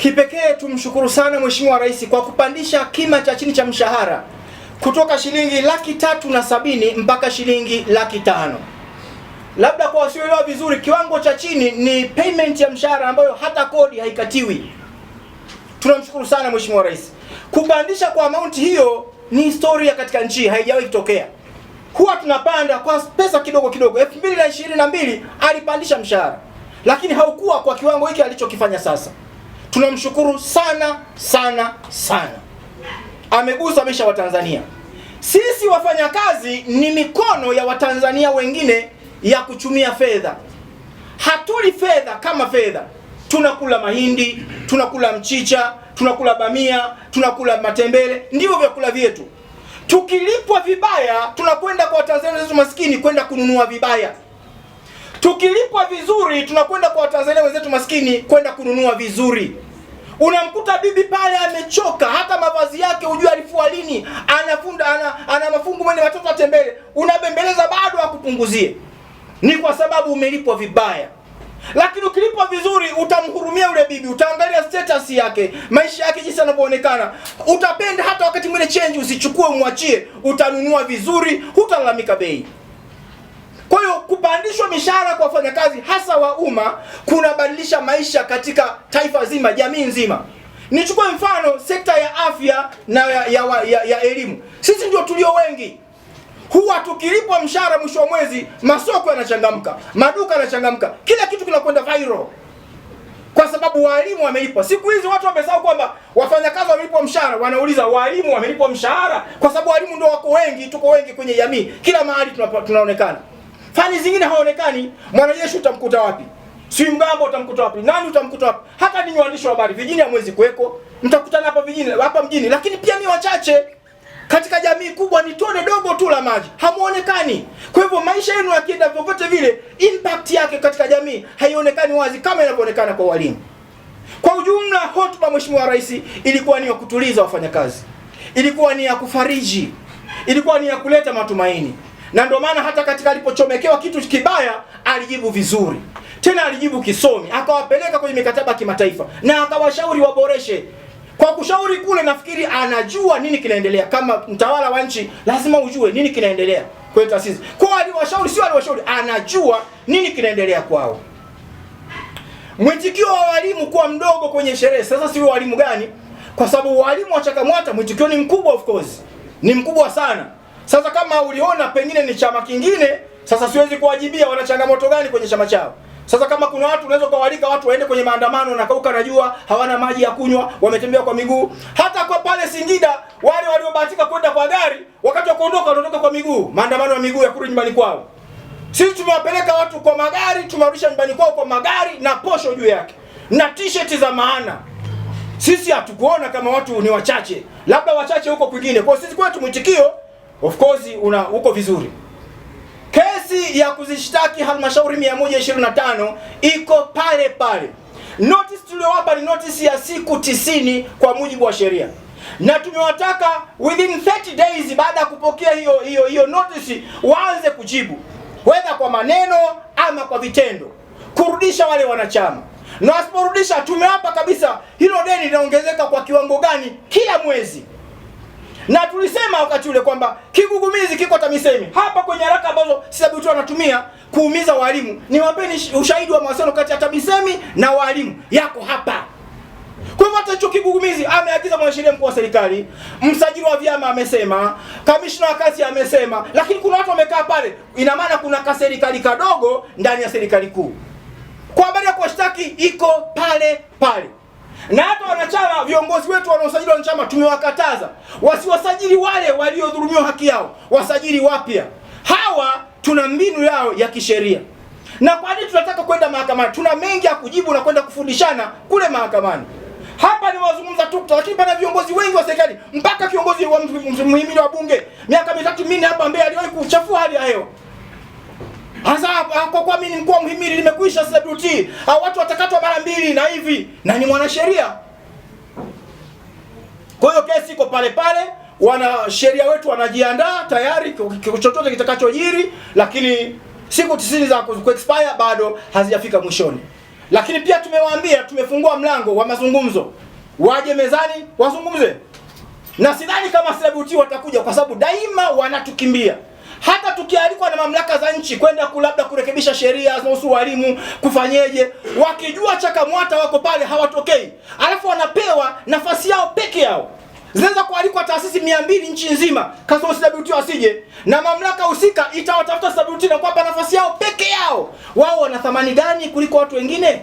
Kipekee tumshukuru sana Mheshimiwa Rais kwa kupandisha kima cha chini cha mshahara kutoka shilingi laki tatu na sabini mpaka shilingi laki tano. Labda kwa wasioelewa vizuri, kiwango cha chini ni payment ya mshahara ambayo hata kodi haikatiwi. Tunamshukuru sana Mheshimiwa Rais. Kupandisha kwa amount hiyo ni historia katika nchi, haijawahi kutokea. Huwa tunapanda kwa pesa kidogo kidogo. 2022 alipandisha mshahara, lakini haukuwa kwa kiwango hiki alichokifanya sasa tunamshukuru sana sana sana, amegusa maisha Watanzania. Sisi wafanyakazi ni mikono ya Watanzania wengine ya kuchumia fedha. Hatuli fedha kama fedha, tunakula mahindi, tunakula mchicha, tunakula bamia, tunakula matembele, ndivyo vyakula vyetu. Tukilipwa vibaya, tunakwenda kwa Watanzania wetu maskini kwenda kununua vibaya. Tukilipwa vizuri tunakwenda kwa Watanzania wenzetu maskini kwenda kununua vizuri. Unamkuta bibi pale amechoka, hata mavazi yake hujua alifua lini, anafunda ana, ana mafungu mwenye watoto atembele, unabembeleza bado akupunguzie. Ni kwa sababu umelipwa vibaya. Lakini ukilipwa vizuri utamhurumia yule bibi, utaangalia status yake, maisha yake jinsi yanavyoonekana, utapenda hata wakati mwingine change usichukue, umwachie, utanunua vizuri, hutalalamika bei kupandishwa mishahara kwa wafanyakazi hasa wa umma kunabadilisha maisha katika taifa zima, jamii nzima. Nichukue mfano sekta ya afya na ya, ya, ya, ya ya elimu. Sisi ndio tulio wengi huwa tukilipwa mshahara mwisho wa mwezi, masoko yanachangamka, maduka yanachangamka, kila kitu kinakwenda viral kwa sababu walimu wamelipwa. Siku hizi watu wamesahau kwamba wafanyakazi wamelipwa mshahara, wanauliza walimu wamelipwa mshahara, kwa sababu walimu ndio wako wengi, tuko wengi kwenye jamii, kila mahali tunaonekana tuna, Fani zingine haonekani. Mwanajeshi utamkuta wapi? Si mgambo utamkuta wapi? Nani utamkuta wapi? Hata ninyi waandishi wa habari vijini hamwezi kuweko. Mtakutana hapa vijini, hapa mjini, lakini pia ni wachache. Katika jamii kubwa ni tone dogo tu la maji, hamuonekani. Kwa hivyo maisha yenu yakienda vyovyote vile, impact yake katika jamii haionekani wazi kama inavyoonekana kwa walimu. Kwa ujumla, hotuba Mheshimiwa Rais ilikuwa ni ya kutuliza wafanyakazi, ilikuwa ni ya kufariji, ilikuwa ni ya kuleta matumaini na ndio maana hata katika alipochomekewa kitu kibaya alijibu vizuri, tena alijibu kisomi, akawapeleka kwenye mikataba ya kimataifa na akawashauri waboreshe. Kwa kushauri kule, nafikiri anajua nini kinaendelea. Kama mtawala wa nchi, lazima ujue nini kinaendelea kwenye taasisi Kwa Aliwashauri, sio aliwashauri, anajua nini kinaendelea kwao. Mwitikio wa walimu kuwa mdogo kwenye sherehe, sasa si walimu gani? Kwa sababu walimu wa Chakamwata mwitikio ni mkubwa, of course ni mkubwa sana. Sasa kama uliona pengine ni chama kingine, sasa siwezi kuwajibia wana changamoto gani kwenye chama chao. Sasa kama kuna watu unaweza kuwalika watu waende kwenye maandamano na kauka, najua hawana maji ya kunywa, wametembea kwa miguu. Hata kwa pale Singida wale waliobahatika kwenda kwa gari, wakati wa kuondoka wanaondoka kwa miguu, maandamano ya miguu ya kurudi nyumbani kwao. Sisi tumewapeleka watu kwa magari, tumewarudisha nyumbani kwao kwa magari na posho juu yake na t-shirt za maana. Sisi hatukuona kama watu ni wachache, labda wachache huko kwingine. Kwa sisi kwetu mwitikio of course una uko vizuri. Kesi ya kuzishtaki halmashauri 125 iko pale pale. Notice tuliyowapa ni notice ya siku tisini kwa mujibu wa sheria, na tumewataka within 30 days baada ya kupokea hiyo hiyo hiyo notice waanze kujibu, whether kwa maneno ama kwa vitendo, kurudisha wale wanachama na wasiporudisha tumewapa kabisa hilo deni linaongezeka kwa kiwango gani kila mwezi na tulisema wakati ule kwamba kigugumizi kiko TAMISEMI hapa kwenye haraka ambazo Silabutu anatumia kuumiza walimu. Niwapeni ushahidi wa mawasiliano kati ya TAMISEMI na walimu yako hapa. Kwa hivyo hata hicho kigugumizi ameagiza mwanasheria mkuu wa serikali, msajili wa vyama amesema, kamishna wa kazi amesema, lakini kuna watu wamekaa pale. Ina maana kuna kaserikali kadogo ndani ya serikali kuu. Kwa habari ya kuwashtaki iko pale pale na hata wanachama, viongozi wetu wanaosajili wanachama tumewakataza wasiwasajili wale waliodhulumiwa haki yao, wasajili wapya. Hawa tuna mbinu yao ya kisheria. Na kwa nini tunataka kwenda mahakamani? Tuna mengi ya kujibu na kwenda kufundishana kule mahakamani. Hapa wazungumza TUCTA, lakini pana viongozi wengi wa serikali, mpaka kiongozi wa mhimili wa bunge miaka mitatu minne hapa Mbeya aliwahi kuchafua hali ya hewa. Hasa ah, kwa kuwa mimi ni mkuu wa mhimili limekwisha CWT, au ah, watu watakatwa mara mbili na hivi na ni mwanasheria. Kwa hiyo kesi iko pale pale, wana sheria wetu wanajiandaa tayari chochote kitakachojiri, lakini siku tisini za ku expire bado hazijafika mwishoni. Lakini pia tumewaambia, tumefungua mlango wa mazungumzo, waje mezani wazungumze, na sidhani kama CWT watakuja, kwa sababu daima wanatukimbia hata tukialikwa na mamlaka za nchi kwenda labda kurekebisha sheria zinahusu walimu kufanyeje, wakijua chakamwata wako pale hawatokei, alafu wanapewa nafasi yao peke yao. Zinaweza kualikwa taasisi mia mbili nchi nzima kasoro CWT asije, na mamlaka husika itawatafuta CWT na kuwapa nafasi yao peke yao. Wao wana thamani gani kuliko watu wengine?